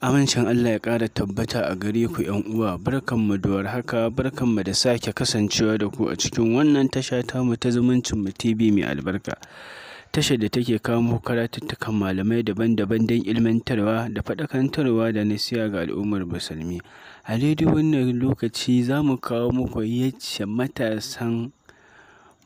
Amincin Allah ya ƙara tabbata a gare ku ‘yan uwa, barkanmu da warhaka, barkanmu da sake kasancewa da ku a cikin wannan tasha mu ta zumuncin mu TV mai albarka. Tashar da take kawo karatuttukan malamai daban-daban don ilmantarwa da faɗakantarwa da nasiya ga al'ummar musulmi. A daidai wannan lokaci za mu kawo muku yacce matasan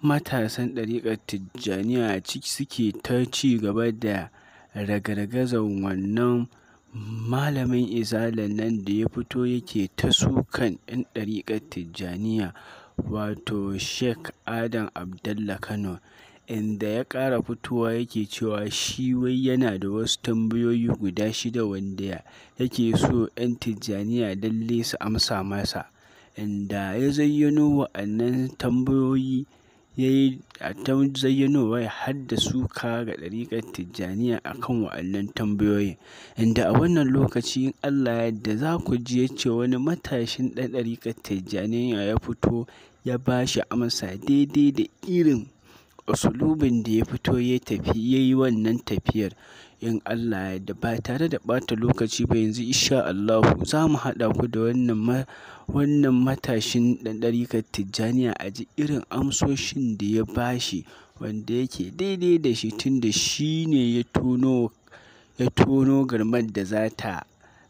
matasan ɗariƙar Tijjaniya suke ta ci gaba da ragargazan wannan Malamin Izalan nan da ya fito yake ta sukan ‘yan ɗariƙar Tijjaniya wato Sheik Adam Abdallah Kano, inda ya ƙara fitowa yake cewa shi wai yana da wasu tambayoyi guda shida wanda yake so ‘yan Tijjaniya lalle su amsa masa, inda ya zayyano wa'annan tambayoyi. ya yi ta zayyanowa ya suka ga ɗariƙar Tijjaniya a kan wa'annan tambayoyin, inda a wannan lokaci in Allah yadda za ku ji ya ce wani matashin ɗan ɗariƙar Tijjaniya ya fito ya ba shi amsa daidai da irin usulubin da ya fito ya yi wannan tafiyar. in Allah ya yarda ba tare da ɓata lokaci ba yanzu insha Allahu za mu haɗa ku da wannan ma matashin ɗan ɗarikar Tijjaniya a ji irin amsoshin da ya bashi wanda yake daidai da shi tun da shi ne ya tono ya garmar da za ta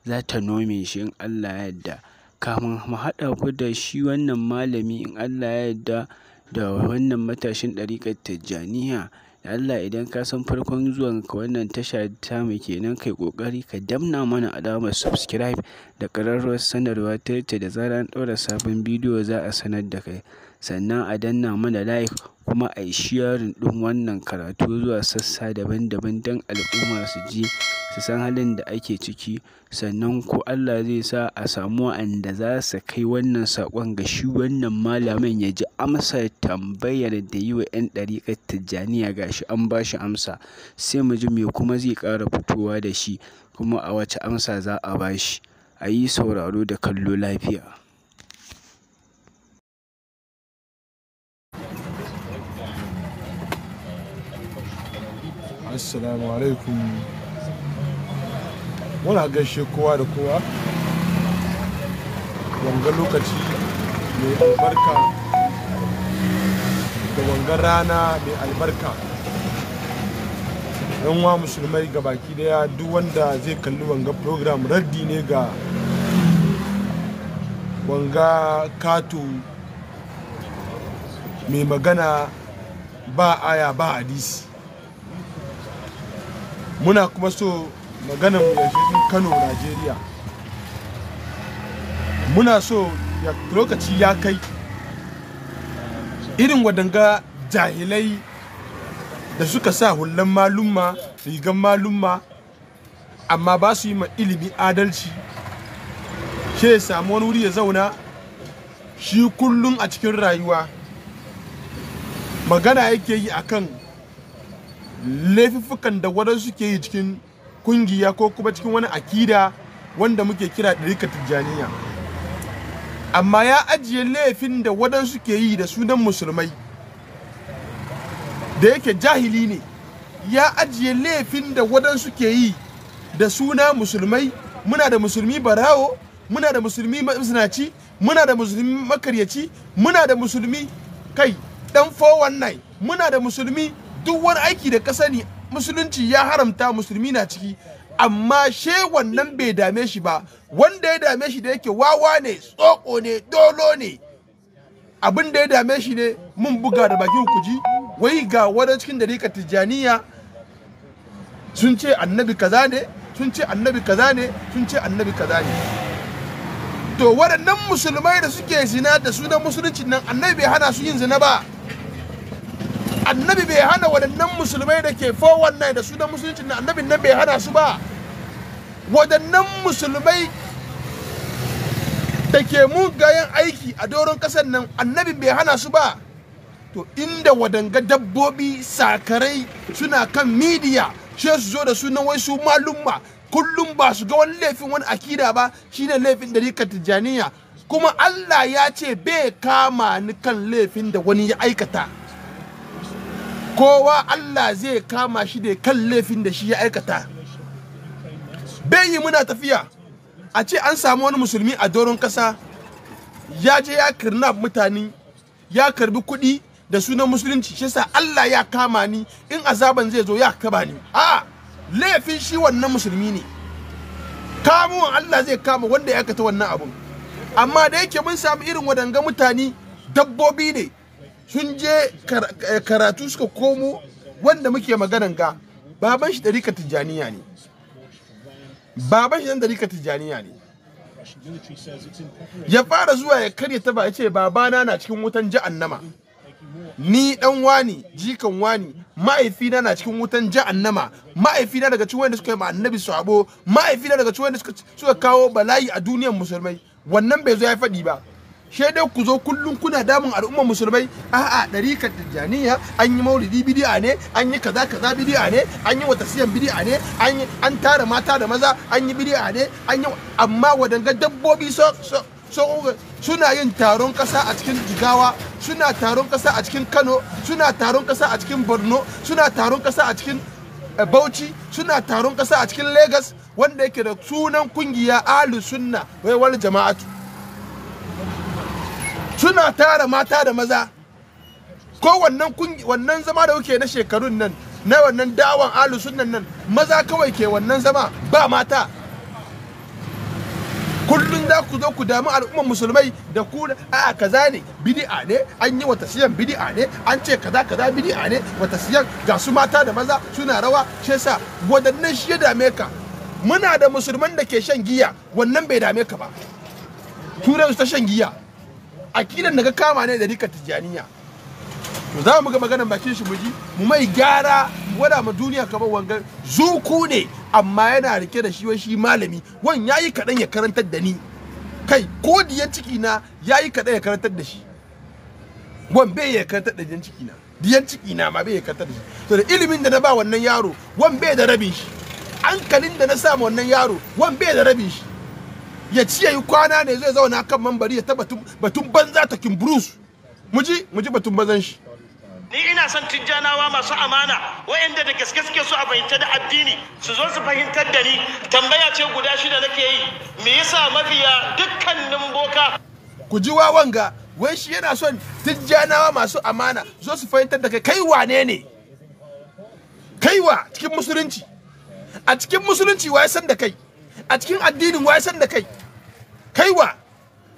za nome shi in Allah ya yarda kamun mu haɗa ku da shi wannan malami in Allah ya yarda da wannan matashin ɗarikar Tijjaniya Da Allah idan ka san farkon zuwan ka wannan tasha ta mu kenan kai kokari ka damna mana alamar subscribe da kararrawar sanarwa ta yadda da zarar an ɗaura sabon bidiyo za a sanar da kai. sannan a danna mana like kuma a yi sharing ɗin wannan karatu zuwa sassa daban-daban don al'umma su ji su san halin da ake ciki sannan ko Allah zai sa a samu wa'anda za su kai wannan saƙon ga shi wannan malamin ya ji amsar tambayar da yi wa 'yan ɗariƙar tijjaniya ga shi an ba shi amsa sai mu ji me kuma zai ƙara fitowa da shi kuma a wace amsa za a ba shi a yi sauraro da kallo lafiya assalamu alaikum muna gaishe kowa da kowa wanga lokaci mai albarka da wanga rana mai albarka yan wa musulmai ga baki daya duk wanda zai kalli wanga program raddi ne ga wanga kato mai magana ba aya ba hadisi muna kuma so maganan yanzu kano najeriya muna so lokaci ya kai irin wadanga jahilai da suka sa hullan malumma rigan malumma amma ba su yi ma ilimi adalci ke samu wani wuri ya zauna shi kullum a cikin rayuwa magana yake yi akan laifuffukan da waɗansu ke yi cikin kungiya ko kuma cikin wani akida wanda muke kira ɗarika tijjaniya amma ya ajiye laifin da waɗansu ke yi da sunan musulmai da yake jahili ne ya ajiye laifin da waɗansu ke yi da suna musulmai muna da musulmi barawo muna da musulmi masinaci muna da musulmi makaryaci muna da musulmi kai dan 419 muna da musulmi duk wani aiki da ka sani musulunci ya haramta musulmi na ciki amma she wannan bai dame shi ba wanda ya dame shi da yake wawa ne tsoko ne dolo ne abin da ya dame shi ne mun buga da bakin kuji wai ga wani cikin dariƙa tijjaniya sun ce annabi kaza ne sun ce annabi kaza ne sun ce annabi kaza ne to waɗannan musulmai da suke zina da sunan musulunci nan annabi bai hana su yin zina ba annabi bai hana waɗannan musulmai da ke fowar nai da sunan musulunci na annabin nan bai hana su ba waɗannan musulmai da ke mugayen aiki a doron ƙasar nan annabin bai hana su ba to inda wadanga dabbobi sakarai suna kan midiya shi su zo da sunan wai su malumma kullum ba su ga wani laifin wani akida ba shine laifin dariƙar tijjaniya kuma Allah ya ce bai kama ni kan laifin da wani ya aikata kowa Allah zai kama shi da kan laifin da shi ya aikata bai yi muna tafiya a ce an samu wani musulmi a doron kasa ya je ya kirnap mutane ya karbi kuɗi da sunan musulunci shi sa Allah ya kama ni in azaban zai zo ya kaba ni a laifin shi wannan musulmi ne kamuwan Allah zai kama wanda ya aikata wannan abun amma da yake mun samu irin wadanga mutane dabbobi ne sun je eh, karatu suka komo wanda muke maganan ga baban shi dariƙa tijjaniya ne baban shi dan dariƙa tijjaniya ne ya fara zuwa ya karya ta ba ya ce babana na cikin wutan jahannama ni dan wani jikan wani ma'aifina na cikin wutan jahannama ma'aifina daga cikin wanda suka yi ma annabi sabo ma'aifina daga cikin wanda suka kawo bala'i a duniyar musulmai wannan bai zo ya faɗi ba she dai ku zo kullum kuna damun al'ummar musulmai a'a ɗarikar tijjaniya an yi maulidi bidi'a ne an yi kaza kaza bidi'a ne an yi watasiyan bidi'a ne an yi an tara mata da maza an yi bidi'a ne an yi amma wadanga dabbobi so suna yin taron kasa a cikin jigawa suna taron kasa a cikin kano suna taron kasa a cikin borno suna taron kasa a cikin eh, bauchi suna taron kasa a cikin lagos wanda yake da sunan kungiya ahlus sunna wai wal jama'atu suna tara mata da maza ko wannan zama da kuke na shekarun nan na wannan dawan alu sunnan nan maza kawai ke wannan zama ba mata kullum za ku zo ku damu al'umman musulmai da ku a kaza ne bid'a ne an yi wata siyan bid'a ne an ce kaza kaza bid'a ne wata siyan ga su mata da maza suna rawa shi yasa wadannan shi ya dame ka muna da musulman da ke shan giya wannan bai dame ka ba turai su ta shan giya akidan da ka kama ne da rika tijaniya to za mu ga maganar bakin shi muji mu mai gyara gwada ma duniya kamar wanga zuku ne amma yana rike da shi wai shi malami wan yayi kadan ya karantar da ni kai ko diyan ciki na yayi kadan ya karantar da shi wan bai ya karantar da diyan ciki na diyan ciki na ma bai ya karantar da shi to da ilimin da na ba wannan yaro wan bai da rabin shi hankalin da na sa wannan yaro wan bai da rabin shi ya ci yayi kwana ne zai zauna kan mambari ya taba batun banza ta kin Bruce muji muji batun bazan shi ni ina son tijjanawa masu amana wayanda da gaske suke so a fahimta da addini su zo su fahimtar da ni tambaya ce guda shida nake yi me yasa mafiya dukkanin boka ku ji wawan ga wai shi yana son tijjanawa masu amana zo su fahimtar da kai kai wane ne kaiwa cikin musulunci a cikin musulunci wa san da kai a cikin addinin wa san da kai kaiwa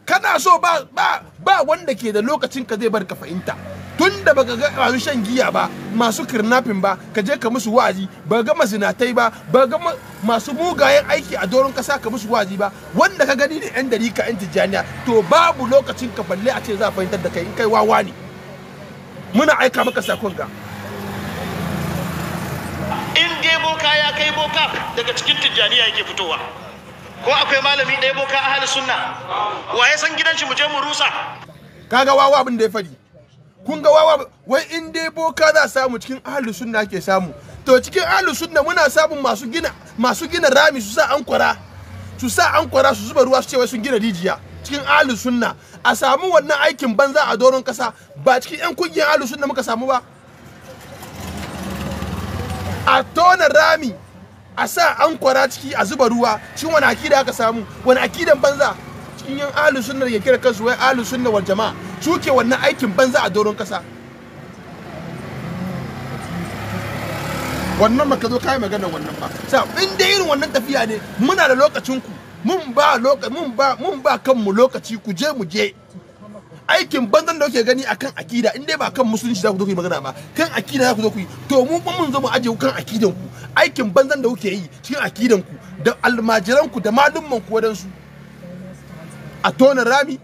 kana so ba ba ba wanda ke da lokacin ka zai bar ka fahimta tun da baka ga masu shan giya ba masu kirnafin ba ka je ka musu wa'azi ba ga mazinatai ba ba ga masu mugayen aiki a doron kasa ka musu wa'azi ba wanda ka gani da yan ka yan tijjaniya to babu lokacin ka balle a ce za a fahimtar da kai in kai wawa ne muna aika maka sakon ga in dai boka ya kai boka daga cikin tijjaniya yake fitowa ko akwai malami ɗaya boka suna? sunna ya san gidan shi mu je mu rusa kaga wawa abin da ya fadi kun ga wawa wai in dai boka za samu cikin halin sunna ke samu to cikin halin sunna muna samun masu gina masu gina rami su sa ankwara su sa ankwara su zuba ruwa su ce wai sun gina rijiya cikin ahli sunna a samu wannan aikin banza a doron kasa ba cikin yan kungiyar halin sunna muka samu ba a tona rami a sa an kwara ciki a zuba ruwa cikin wani akida aka samu wani akidan banza cikin yan ahlu sunna ya kira kansu wai ahlu sunna wal jama'a suke wannan aikin banza a doron kasa wannan maka zo kai magana wannan ba sa in dai irin wannan tafiya ne muna da lokacin ku mun ba lokaci mun ba mun ba kanmu lokaci ku je mu je aikin banzan da kuke gani akan akida in dai ba kan musulunci za ku zo ku yi magana ba kan akida za ku zo ku yi to mu kuma mun zo mu aje ku kan akidan ku aikin banzan da kuke yi cikin akidan ku da almajiran ku da malumman ku su a tona rami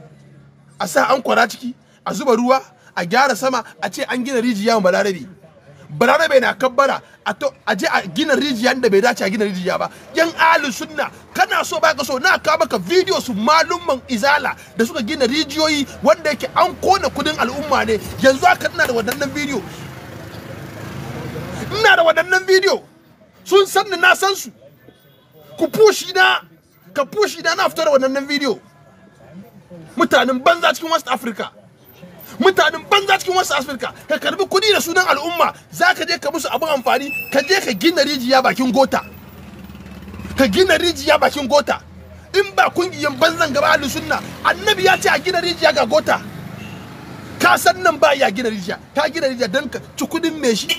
a sa an kwara ciki a zuba ruwa a gyara sama a ce an gina rijiya mu balarabe bai na kabbara a to a je a gina rijiya da bai dace a gina rijiya ba yan ahli sunna kana so baka so na ka baka video su malumman izala da suka gina rijiyoyi wanda yake an kona kudin al'umma ne yanzu haka ina da wadannan video ina da wadannan video sun san ni na san su ku pushi na ka pushi na na fitar da wadannan video mutanen banza cikin West Africa mutanen banza cikin wasu afirka ka karbi kuɗi da sunan al'umma za ka je ka musu abun amfani ka je ka gina rijiya bakin gota ka gina rijiya bakin gota in ba kungiyan banzan gaba ahlus sunna annabi ya ce a gina rijiya ga gota ka san nan ba ya gina rijiya ka gina rijiya dan ka ci kudin me shi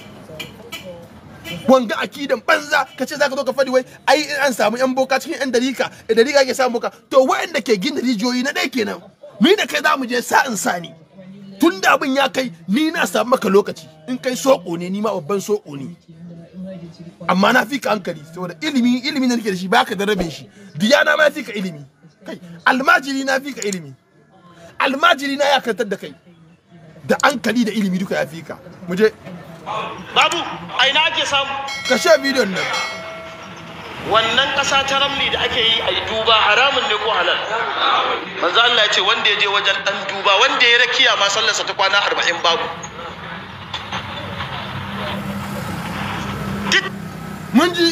wanga akidan banza ka ce zaka zo ka fadi wai ai in an samu yan boka cikin yan dalika dalika ke samu boka to waɗanda ke gina rijiyoyi na ɗaya kenan ni da kai za mu je sa sani tun da abin ya kai ni na samu maka lokaci in kai soko ne ni ma babban soko ne amma na fi ka hankali saboda ilimi ilimi da nake da shi baka da rabin shi diyana ma fi ka ilimi kai almajiri na fi ka ilimi almajiri na ya kantar da kai da hankali da ilimi duka ya fi ka mu je babu a na ake samu ka bidiyon nan wannan ƙasa ta ramli da ake yi a duba haramun ne ko halal manzo Allah ya ce wanda ya je wajen dan duba wanda ya rakiya ma sallarsa ta kwana 40 babu mun ji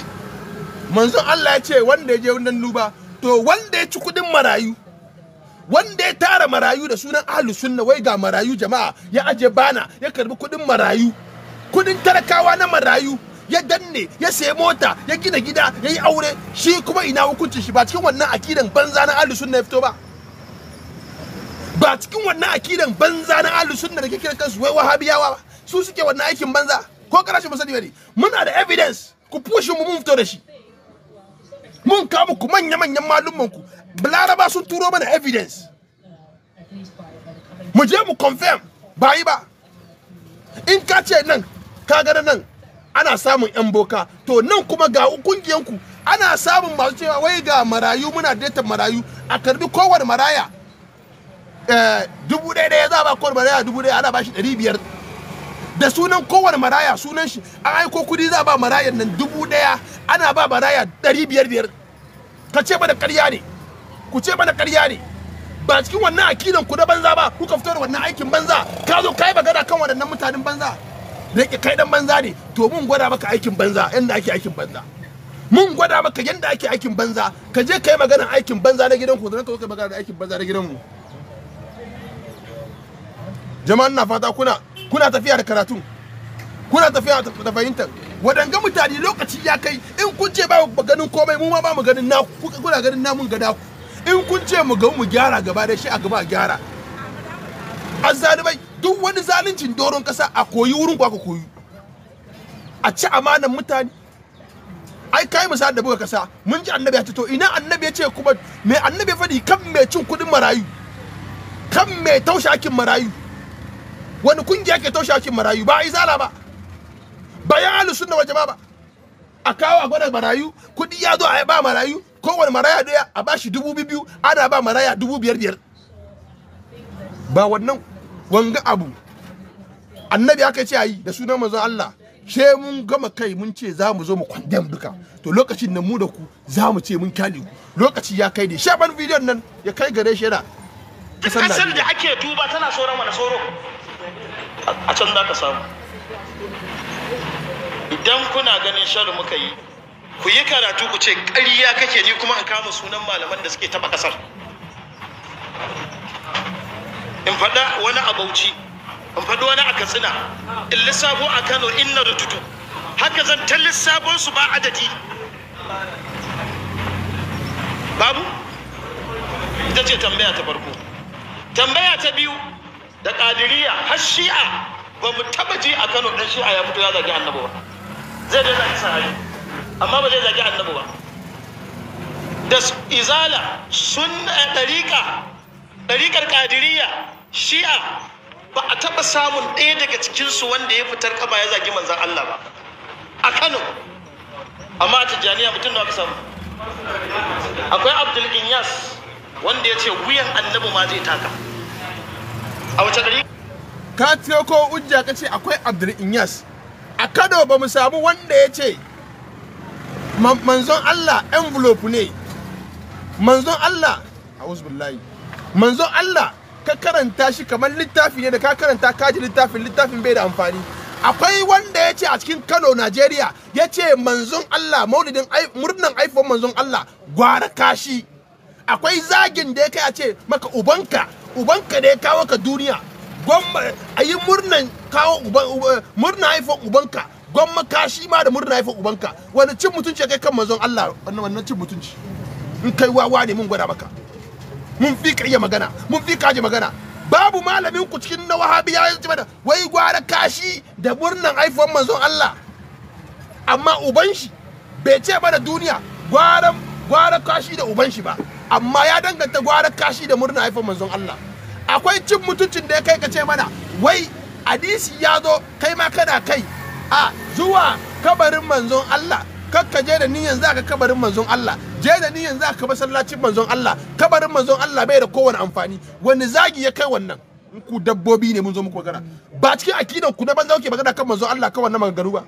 manzo Allah ya ce wanda ya je wajen duba to wanda ya ci kudin marayu wanda ya tara marayu da sunan ahlus sunna wai ga marayu jama'a ya aje bana ya karbi kudin marayu kudin talakawa na marayu ya danne ya sayi mota ya gina gida ya yi aure shi kuma ina hukuncin shi ba cikin wannan akidan banza na ahli sunna ya fito ba ba cikin wannan akidan banza na ahli sunna da kike kansu wai wahabiyawa ba su suke wannan aikin banza ko karashin musali bari muna da evidence ku pushe mu mun fito da shi mun kama ku manya-manyan malumman ku laraba sun turo mana evidence mu je mu confirm ba yi ba in ka ce nan ka gana nan ana samun yan boka to nan kuma ga ku ana samun masu cewa wai ga marayu muna data marayu a karbi kowar maraya eh, dubu ɗaya ɗaya za ba kowar maraya dubu ɗaya ana bashi ɗari biyar da sunan kowar maraya sunan shi an aiko kudi za ba marayan nan dubu ɗaya ana ba maraya ɗari biyar biyar ka ce mana ƙarya ne ku ce mana ƙarya ne ba cikin wannan akidan ku na banza ba kuka fito da wannan aikin banza ka zo ka yi magana kan waɗannan mutanen banza da kai dan banza ne to mun gwada maka aikin banza yanda ake aikin banza mun gwada maka yanda ake aikin banza ka je kai magana aikin banza na ku da ka kai magana aikin banza na gidan mu. jama'an na fata kuna kuna tafiya da karatu kuna tafiya da fahimtar wadanga mutane lokaci ya kai in kun ce ba ganin komai mu ma ba mu ganin naku kuna ganin namun ga naku in kun ce mu ga mu gyara gaba da shi a gaba gyara azzalibai duk wani zaluncin doron kasa a koyi wurin ku aka koyi a ci amanan mutane ai kai misali da buga kasa mun ji annabi ya ce to ina annabi ya ce kuma me annabi ya faɗi kan me cin kudin marayu kan me taushe marayu wani kungiya ke taushe marayu ba ai zala ba bayan ahlus sunna wal jama'a ba a kawo a gwada marayu kudi ya zo a ba marayu kowane maraya daya a bashi dubu biyu ana ba maraya dubu biyar biyar ba wannan wanga abu annabi aka ce ayi da sunan manzon Allah she mun gama kai mun ce za mu zo mu kwandam duka to lokacin nan mu da ku za mu ce mun kyale ku lokaci ya kai dai she ban bidiyon nan ya kai gare shi da kasan da ake tuba tana soron wani soro a can za ka samu idan kuna ganin sharu muka yi ku yi karatu ku ce ƙarya kake ni kuma in kama sunan malaman da suke taɓa ƙasar in faɗa wani a bauchi in faɗi wani a katsina in lissafo a kano in na rututu haka zan ta lissafon su ba adadi babu ita ce tambaya ta farko tambaya ta biyu da ƙadiriya har shi'a ba mu taɓa ji a kano ɗan shi'a ya fito ya zagi annabi ba zai dai zagi sahabi amma ba zai zagi annabi ba da izala sun ɗariƙa ɗariƙar ƙadiriya shi'a ba a taɓa samun ɗaya daga cikinsu wanda ya fitar kama ya zagi manzan Allah ba a Kano amma a Tijjaniya mutum aka samu akwai Abdul Inyas wanda ya ce wuyan annabi ma zai taka a wace gari ka tiyo ko ujja ka ce akwai Abdul Inyas a Kano ba mu samu wanda ya ce manzon Allah envelope ne manzon Allah a billahi manzon Allah ka karanta shi kamar littafi ne da ka karanta kaji littafin littafin bai da amfani akwai wanda ya ce a cikin kano najeriya ya ce manzon allah maulidin murnan aifon manzon allah gwara kashi akwai zagin da ya kai a ce maka ubanka ubanka da ya kawo ka duniya gwamma a yi murnan murna haifon ubanka gwamma kashi ma da murna haifon ubanka wani cin mutunci ya kai kan manzon allah wannan cin mutunci in kai wawa ne mun gwada maka mun fi ka iya magana mun fi ka magana babu malamin ku cikin na wahabi ya yi mana wai gwara kashi da murnan haifuwar manzon Allah amma uban shi bai ce mana duniya gwara gwara kashi da uban shi ba amma ya danganta gwara kashi da murnan haifuwar manzon Allah akwai cin mutuncin da ya kai ka ce mana wai hadisi ya zo kai ma kana kai a zuwa kabarin manzon Allah kakka je da niyan zaka kabarin manzon Allah je da niyan zaka ka masallacin manzon Allah kabarin manzon Allah bai da kowane amfani wani zagi ya kai wannan ku dabbobi ne mun zo muku magana ba cikin akidan ku na banza kuke magana kan manzon Allah kan wannan magana ba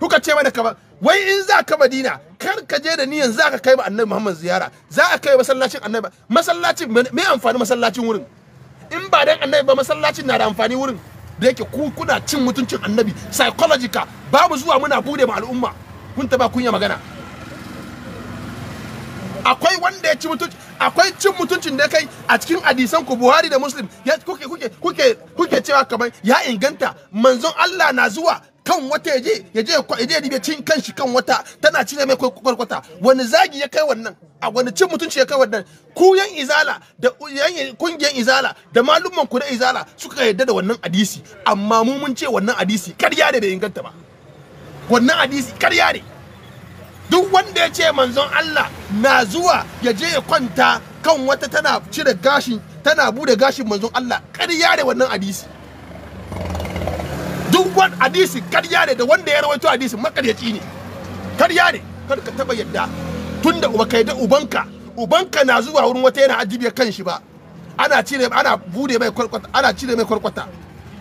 kuka ce mana kaba wai in za ka Madina kar ka je da niyan za ka kai ba Annabi Muhammad ziyara za ka kai masallacin Annabi ba? masallacin me amfani masallacin wurin in ba dan Annabi ba masallacin na da amfani wurin da yake ku kuna cin mutuncin Annabi psychological babu zuwa muna bude ma al'umma kunta ba kunya magana akwai wanda ya ci mutunci akwai cin mutuncin da kai a cikin hadisan ku Buhari da Muslim ya kuke kuke kuke kuke cewa kamar ya inganta manzon Allah na zuwa kan wata yaje yaje yaje ya dibe cin kanshi kan wata tana cire mai kwarkwata wani zagi ya kai wannan a wani cin mutunci ya kai wannan ku yan izala da yan kungiyan izala da malumman ku da izala suka yarda da wannan hadisi amma mu mun ce wannan hadisi karya da bai inganta ba wannan hadisi ƙarya ne duk wanda ya ce manzon Allah na zuwa ya je ya kwanta kan wata tana cire gashin tana bude gashin manzon Allah ƙarya ne wannan hadisi duk wani hadisi ƙarya ne da wanda ya rawaito hadisi makaryaci ne ƙarya ne kar ka taba yadda tunda uba kai da ubanka ubanka na zuwa wurin wata yana ajibiya kan shi ba ana cire ana bude mai kwarkwata ana cire mai kwarkwata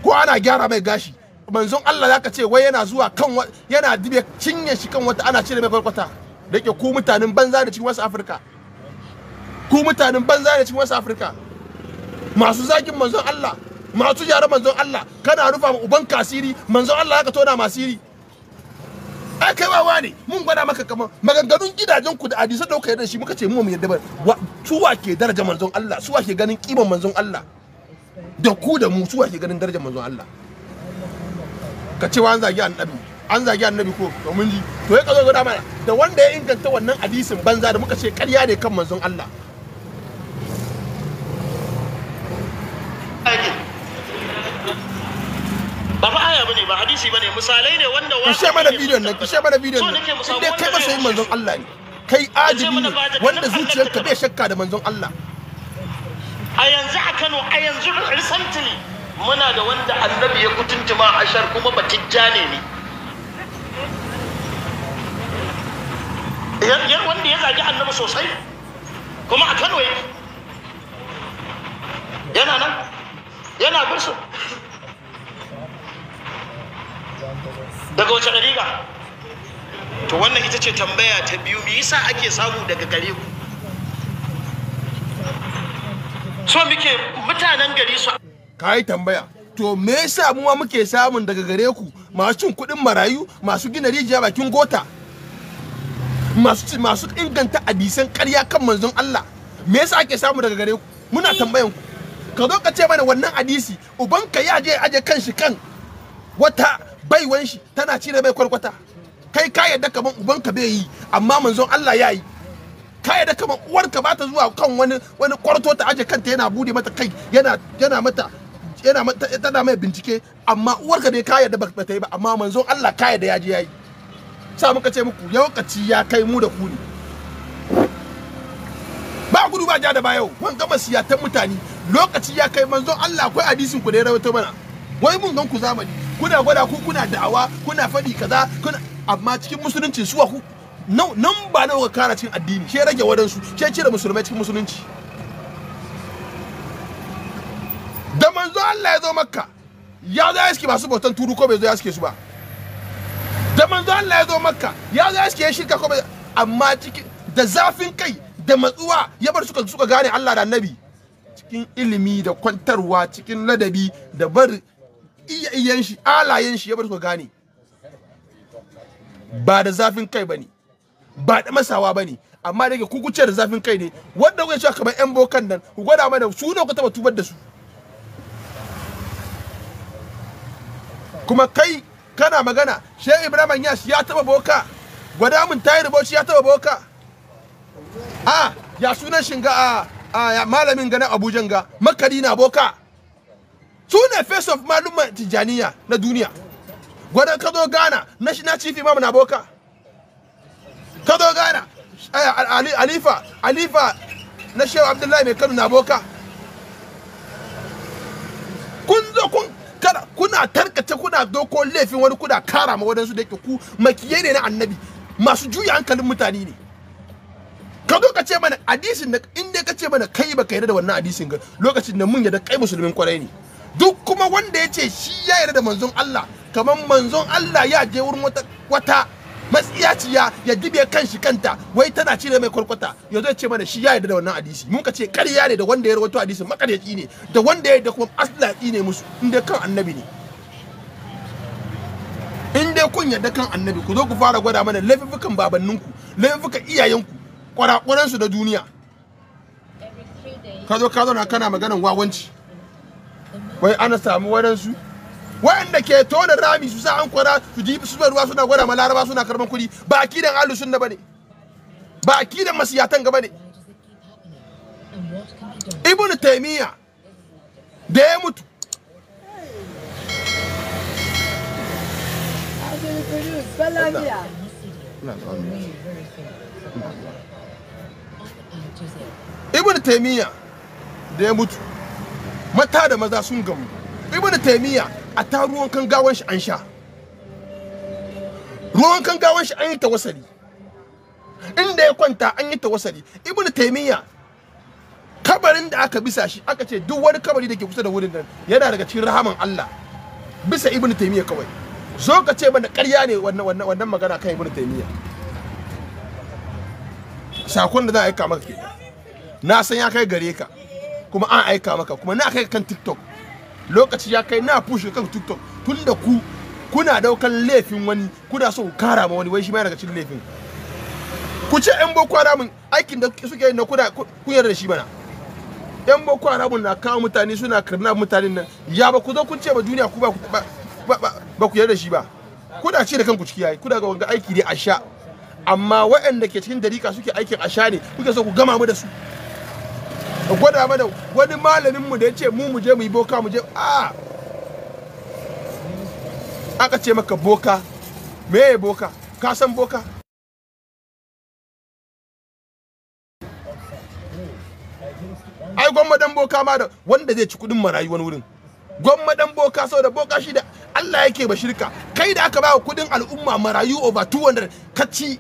ko ana gyara mai gashi manzon Allah zaka ce wai yana zuwa kan yana dibe cinye shi kan wata ana cire mai kwalkwata da ke ku mutanen banza da cikin wasu Afirka ku mutanen banza da cikin wasu Afirka masu zagin manzon Allah masu yare manzon Allah kana rufa ma uban kasiri manzon Allah zaka tona masiri ai kai wawa ne mun gwada maka kamar maganganun gidajen ku da hadisa da kuka yarda shi muka ce mu mu yarda ba su wa ke daraja manzon Allah su wa ke ganin kiman manzon Allah da ku da mu su wa ke ganin darajar manzon Allah ka cewa an zagi annabi an zagi annabi ko to mun ji to ya kazo gwada mana da wanda ya inganta wannan hadisin banza da muka ce ƙarya ne kan manzon Allah ba fa aya bane ba hadisi bane misalai ne wanda wani kishe mana bidiyon nan kishe mana bidiyon nan inda kai ba sai manzon Allah ne kai ajibi ne wanda zuciyarka bai shakka da manzon Allah a yanzu a Kano a yanzu recently muna da wanda annabi ya ma ashar kuma batijja ne ne yar wanda ya zagi annabi sosai kuma a kano yake yana nan yana birsu daga wace dariga to wannan ita ce tambaya ta biyu me yasa ake samu daga gare ku so muke mutanen gari su ka yi tambaya to me yasa mu ma muke samun daga gare ku masu cin kuɗin marayu masu gina rijiya bakin gota masu masu inganta hadisan ƙarya kan manzon Allah me yasa ake samu daga gare ku muna tambayan ku ka zo ka ce mana wannan hadisi uban ka ya je aje kan shi kan wata baiwan shi tana cire bai kwarkwata kai ka yadda kaman uban ka bai yi amma manzon Allah ya yi ka yadda kaman uwar ka bata zuwa kan wani wani kwarto ta aje kanta yana bude mata kai yana yana mata yana tana mai bincike amma uwarka dai ka yarda ba ta yi ba amma manzon Allah ka yarda ya je yayi sa muka ce muku lokaci ya kai mu da ku ne ba gudu ba ja da ba yau mun gama ta mutane lokaci ya kai manzon Allah akwai hadisin ku da ya rawaito mana wai mun gan ku zamani kuna gwada ku kuna da'awa kuna faɗi kaza kuna amma cikin musulunci suwa ku nan ba nawa kara cikin addini ke rage wadansu shi cire musulmai cikin musulunci manzo Allah ya zo makka ya zo ya iske masu bautan turu ko bai zo ya iske su ba da manzo Allah ya zo makka ya zo ya iske ya shirka ko bai amma cikin da zafin kai da matsuwa ya bar suka suka gane Allah da annabi cikin ilimi da kwantarwa cikin ladabi da bar iya iyan shi alayen shi ya bar suka gane ba da zafin kai bane ba da masawa bane amma da yake ku da zafin kai ne wanda kuka cewa kamar yan bokan nan ku gwada mana su ne ku taba tubar da su kuma kai kana magana shehu ibrahim yash ya taba boka gwada mun tayar shi ya taba boka a ya sunan shinga a malamin gana abujan ga makari na boka su ne face of maluma tijaniya na duniya gwada ka zo gana national chief imam na boka ka zo gana alifa alifa na shehu abdullahi mai kano na boka kun zo kun kada kuna tarkace kuna doko laifin wani kuna kara ma wadansu da yake ku makiye ne na annabi masu juya hankalin mutane ne ka zo ka ce mana hadisin da in dai ka ce mana kai baka yarda da wannan hadisin ga lokacin da mun yarda kai musulmin kwarai ne duk kuma wanda ya ce shi ya yarda da manzon Allah kamar manzon Allah ya je wurin wata matsiyaciya ya dibe kan shi kanta wai tana cire mai kwalkwata ya zai ce mana shi ya yarda da wannan hadisi mun ka ce ƙarya ne da wanda ya rawaito hadisi makaryaci ne da wanda ya da kuma aslaki ne musu inda kan annabi ne in dai kun yarda kan annabi ku zo ku fara gwada mana laifukan babanninku laifukan iyayenku kwarakwaransu da duniya ka zo ka zauna kana maganan wawanci wai ana samu waɗansu wanda ke tona rami su sa an kwara su ji su ruwa suna gwada ma laraba suna karban kuɗi ba akidan ahlu sunna bane ba akidan masiyatan gaba ne ibnu taymiya da ya mutu ibn taimiyya da ya mutu mata da maza sun gamu ibn taimiyya a ta ruwan kan gawan shi an sha ruwan kan gawan shi an yi tawasali inda ya kwanta an yi tawasali ibnu taymiya kabarin da aka bisa shi aka ce duk wani kabari da ke kusa da wurin nan yana daga cikin rahaman Allah bisa ibnu taymiya kawai zo ka ce mana ƙarya ne wannan wannan wannan magana kan ibnu taymiya sakon da za a aika maka na san ya kai gare ka kuma an aika maka kuma na kai kan tiktok lokaci ya kai na fushi kan tiktok tun da ku kuna daukan laifin wani kuna so ku kara ma wani wai shi ma daga cikin laifin ku ce yan boko haramun aikin da suke yi na kuna kun da shi bana yan boko haramun na kawo mutane suna karna mutanen nan ya ba ku zo kun ce ba duniya ku ba ba ku yarda shi ba kuna ce da kanku ciki yayi kuna ga wanga aiki ne a sha amma waɗanda ke cikin dariƙa suke aikin a sha ne kuke so ku gama mu da su gwada mana wani malamin mu da ya ce mu mu je mu yi boka mu je a aka ce maka boka me ya boka ka san boka ai gwamma boka ma da wanda zai ci kudin marayu wani wurin gwamma dan boka saboda boka shi da Allah yake ba shirka kai da aka ba kudin al'umma marayu over 200 ka ci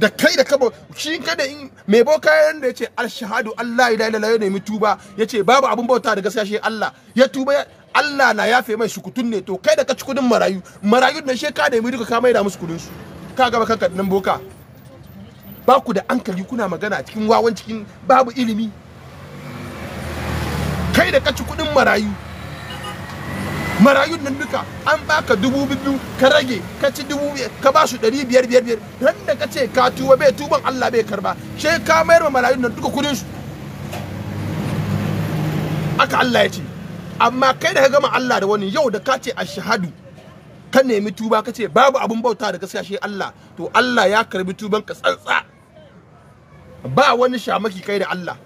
da kai da kabo shi kada in mai bo kayan da yace alshahadu Allah ila ila ya nemi tuba yace babu abun bauta da gaskiya shi Allah ya tuba Allah na yafe mai shukutun ne to kai da ka ci kudin marayu marayu ne she ka nemi duka ka mai da musu kudin su ka gaba kanka nan boka ba ku da ankali kuna magana cikin wawan cikin babu ilimi kai da ka ci kudin marayu marayun nan duka an baka dubu biyu ka rage ka ci dubu ka ba su ɗari biyar biyar biyar ran da ka ce ka tuba bai tuban Allah bai karba sai ka mayar wa marayun nan duka kudin su aka Allah ya ce amma kai da ka gama Allah da wani yau da ka ce ashhadu ka nemi tuba ka ce babu abun bauta da gaskiya shi Allah to Allah ya karbi tuban ka tsantsa ba wani shamaki kai da Allah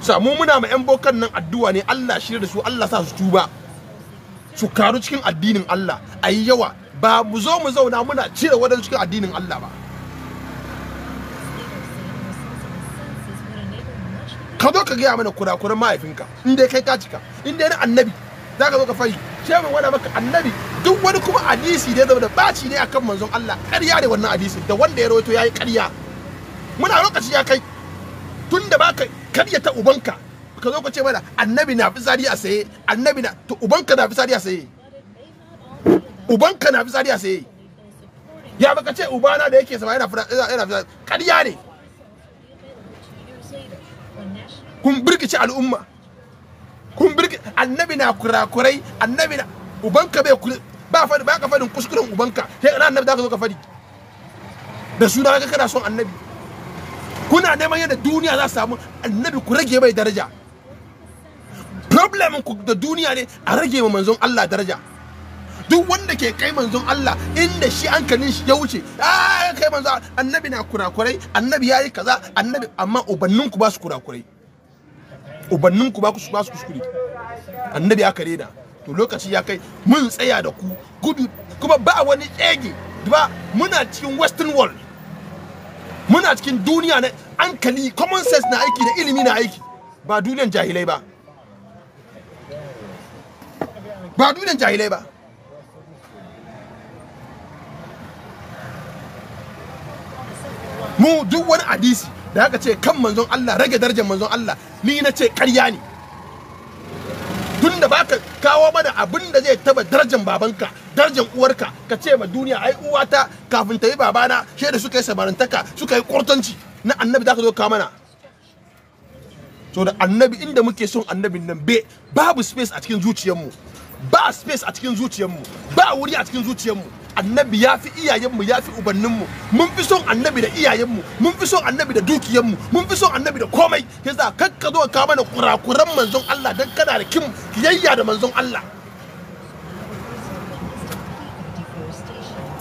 samu muna ma 'yan bokan nan addu'a ne Allah shirya da su Allah sa su tuba su karu cikin addinin Allah a yi yawa ba mu zo mu zauna muna cire wadan cikin addinin Allah ba ka zo ka gaya mana kurakuran mahaifinka in ya kai ka cika in dai annabi za ka zo ka fari mai wani maka annabi duk wani kuma hadisi da ya zama da baci ne akan manzon Allah karya ne wannan hadisi da wanda ya rawaito yayi ƙarya muna lokaci ya kai tun da baka karya ta ubanka ka zo ku ce mana annabi na fitsari a saye annabi na to ubanka na fitsari a saye ubanka na fitsari a saye ya baka ce ubana da yake sama yana fitsari kariya ne kun birkice al'umma kun birki annabi na kurakurai annabi na ubanka bai kuri ba fadi ba ka fadin kuskuren ubanka sai ina annabi zaka zo ka fadi da suna ka kana son annabi kuna neman yadda duniya za su samu annabi ku rage mai daraja problem ku da duniya ne a rage ma manzon Allah daraja duk wanda ke kai manzon Allah inda shi kanin shi ya wuce ah kai manzon annabi na kurakurai annabi yayi kaza annabi amma ubannin ku ba su kurakurai ubannin ku ba ku ba su kuskure annabi aka reda to lokaci ya kai mun tsaya da ku gudu kuma ba wani tsege ba muna cikin western world muna cikin duniya na ankali common sense na aiki da ilimi na aiki ba duniyan jahilai ba ba duniyar jahilai ba mu duk wani hadisi da aka ce kan manzon Allah rage darajar manzon Allah ni na ce ƙarya ne tun da baka kawo mana abin da zai taba darajar babanka darajar uwarka ka ce ma duniya ai uwata kafin ta yi babana shi da suka yi sabarantaka suka yi kurtanci na annabi zaka zo ka mana to da annabi inda muke son annabin nan be babu space a cikin zuciyarmu ba space a cikin zuciyarmu ba wuri a cikin zuciyarmu annabi ya fi iyayenmu ya fi ubanninmu mun fi son annabi da iyayenmu mun fi son annabi da dukiyanmu mun fi son annabi da komai yasa kakka zo ka mana kurakuran manzon Allah dan kana da kim kiyayya da manzon Allah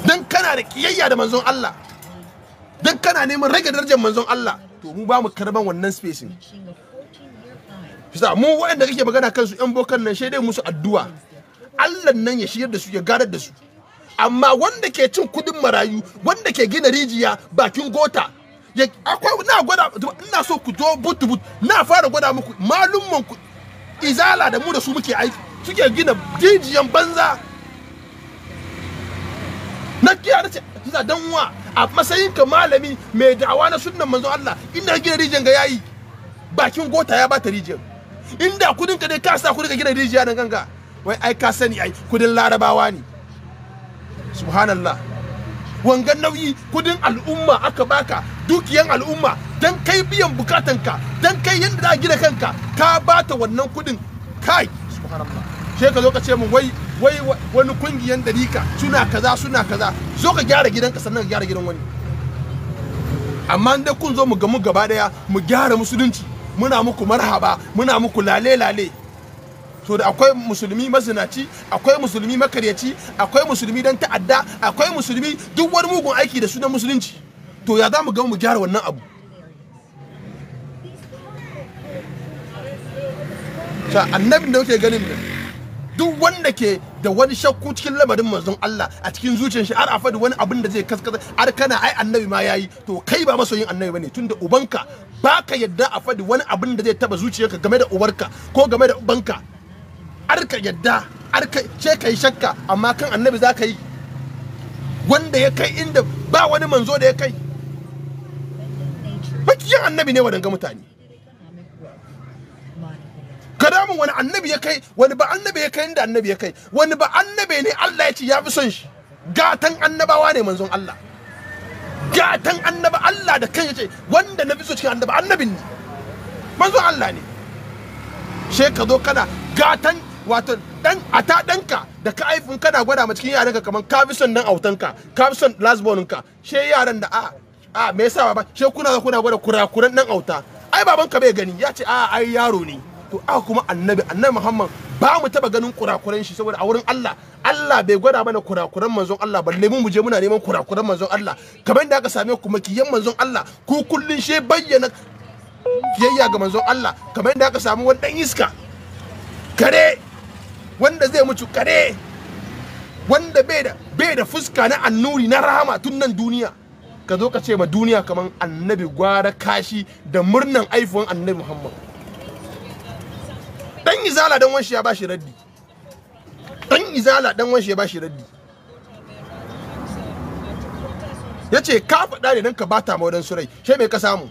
dan kana da kiyayya da manzon Allah dan kana neman rage darajar manzon Allah to mu ba mu karban wannan spacing Fisa mu waɗanda kake magana kansu 'yan bokan nan shaidai musu addu'a Allah nan ya shiyar da su ya garar da su amma wanda ke cin kudin marayu wanda ke gina rijiya bakin gota akwai na gwada ina so ku zo butu butu na fara gwada muku malumman ku izala da mu da su muke aiki suke gina rijiyan banza na kiya ce dan wa a matsayin ka malami mai da'awa na sunnan manzo Allah ina gina rijiyan ga yayi bakin gota ya bata rijiyan inda kudin ka dai ka sa kudin ka gina rijiya nan ganga wai ai ka sani ai kudin larabawa ne subhanallah wangan nauyi kudin al'umma aka baka dukiyan al'umma dan kai biyan ka dan kai yadda za a gina kanka ka bata wannan kudin kai subhanallah sai ka zo ka ce mu wai wai wani kungiyan dalika suna kaza suna kaza zo ka gyara gidanka sannan ka gyara gidan wani amma da kun zo mu gamu gaba daya mu gyara musulunci muna muku marhaba muna muku lale lale to da akwai musulmi mazinaci akwai musulmi makaryaci akwai musulmi dan ta'adda akwai musulmi duk wani mugun aiki da sunan musulunci to ya za mu ga mu gyara wannan abu ta annabi da yake ganin da duk wanda ke da wani shakku cikin lamarin manzon Allah a cikin zuciyar shi har a fadi wani abin da zai kaskata har kana ai annabi ma yayi to kai ba masoyin annabi bane tunda ubanka baka yadda a fadi wani abin da zai taba zuciyarka game da ubarka ko game da ubanka arka yadda arka ce ka yi shakka amma kan annabi za ka yi wanda ya kai inda ba wani manzo da ya kai makiyan annabi ne wadanga mutane kadamun wani annabi ya kai wani ba annabi ya kai inda annabi ya kai wani ba annabi ne Allah ya ci ya fi son shi gatan annabawa ne manzon Allah gatan annaba Allah da kan ce wanda na fi so cikin annaba annabin ne manzon Allah ne she kana gatan wato dan a ta danka da ka aifin kana gwada ma cikin yaranka kaman ka fi son dan autanka ka fi son ka she yaran da a a me yasa baba she kuna kuna gwada kurakuran dan auta ai ka bai gani ya ce a ai yaro ne to a kuma annabi annabi muhammad ba mu taba ganin kurakuran shi saboda a wurin Allah Allah bai gwada mana kurakuran manzon Allah balle mu je muna neman kurakuran manzon Allah kamar da aka same ku makiyan manzon Allah ku kullun she bayyana kiyayya ga manzon Allah kamar da aka samu wani dan iska kare wanda zai mutu kare wanda bai da bai da fuska na annuri na rahama tun nan duniya ka zo ka ce ma duniya kaman annabi gwara kashi da murnan aifuwan annabi muhammad dan izala dan wanshi ya bashi raddi dan izala dan wanshi ya bashi raddi ya ce ka faɗa ne dan ka bata ma wadansu rai shi mai ka samu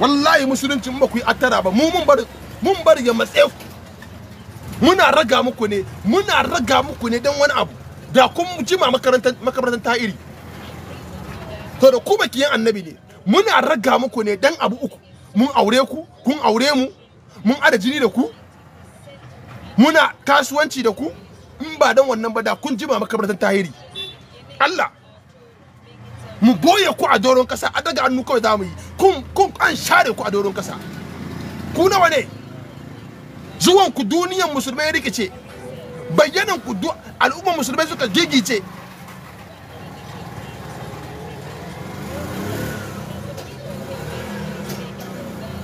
wallahi musuluncin ba ku yi attara ba mu mun bari mun bari ya matse ku muna raga muku ne muna raga muku ne don wani abu da kun jima makarantar makarantar ta iri to da ku bakiyan annabi ne muna raga muku ne dan abu uku mun aure ku kun aure mu mun ada jini da ku muna kasuwanci da ku in ba dan wannan ba da kun jima makarantar iri Allah mu boye ku a doron kasa a daga hannu kawai za mu yi kun kun an share ku a doron kasa ku nawa ne zuwan ku duniyan musulmai ya rikice bayyanan ku al'ummar musulmai suka gigice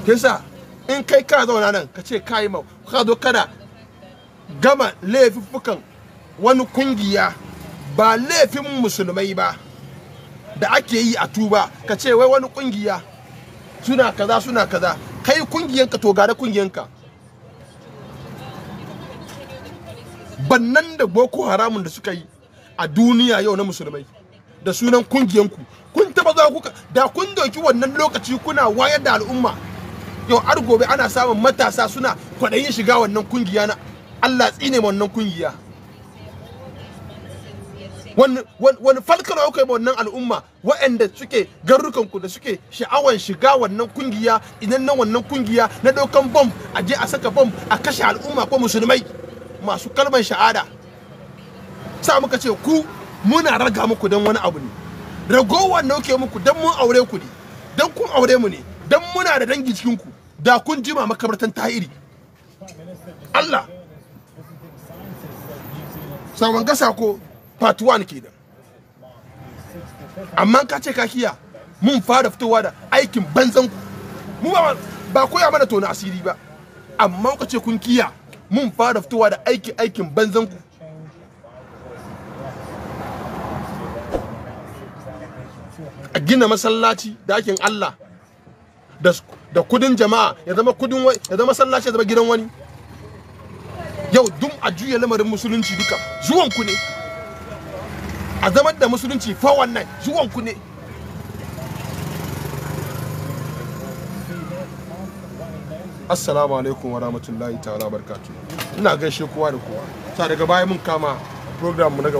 kisa in kai ka zauna nan ka ce ka yi ka zo kana gama laifuffukan wani kungiya ba laifin musulmai ba da ake yi a tuba ka ce wai wani kungiya suna kaza suna kaza kai kungiyanka to gare kungiyanka bannan da boko haramun da suka yi a duniya yau na musulmai da sunan kungiyanku kun taba zuwa kuka da kun doki wannan lokaci kuna wayar da al'umma yau har gobe ana samun matasa suna kwaɗayin shiga wannan kungiya na Allah tsine wannan kungiya wani falkar kai ba wannan al'umma waɗanda suke garrukanku da suke sha'awar shiga wannan kungiya idan na wannan kungiya na ɗaukan bom a je a saka bom a kashe al'umma ko musulmai masu kalmar sha'ada sa muka ce ku muna raga muku dan wani abu ne ragowar nauke muku dan mun aure ku ne don kun aure mu ne don muna da dangi cikin ku da kun jima makabartan tahiri Allah sawan gasa ko part 1 kenan amma ka ce kakiya mun fara fitowa da aikin banzan ku mu ba koya mana tona asiri ba amma ka ce kun kiya mun fara fitowa da aiki aikin banzan ku a gina masallaci dakin Allah da kudin jama'a ya zama kudin ya zama masallaci ya zama gidan wani yau dum a juya lamarin musulunci duka zuwan ku ne a zaman da musulunci fa wannan zuwan ku ne assalamu alaikum wa rahmatullahi ta'ala barkatu ina gaishe kowa da kowa sa daga baya mun kama program mu na gaba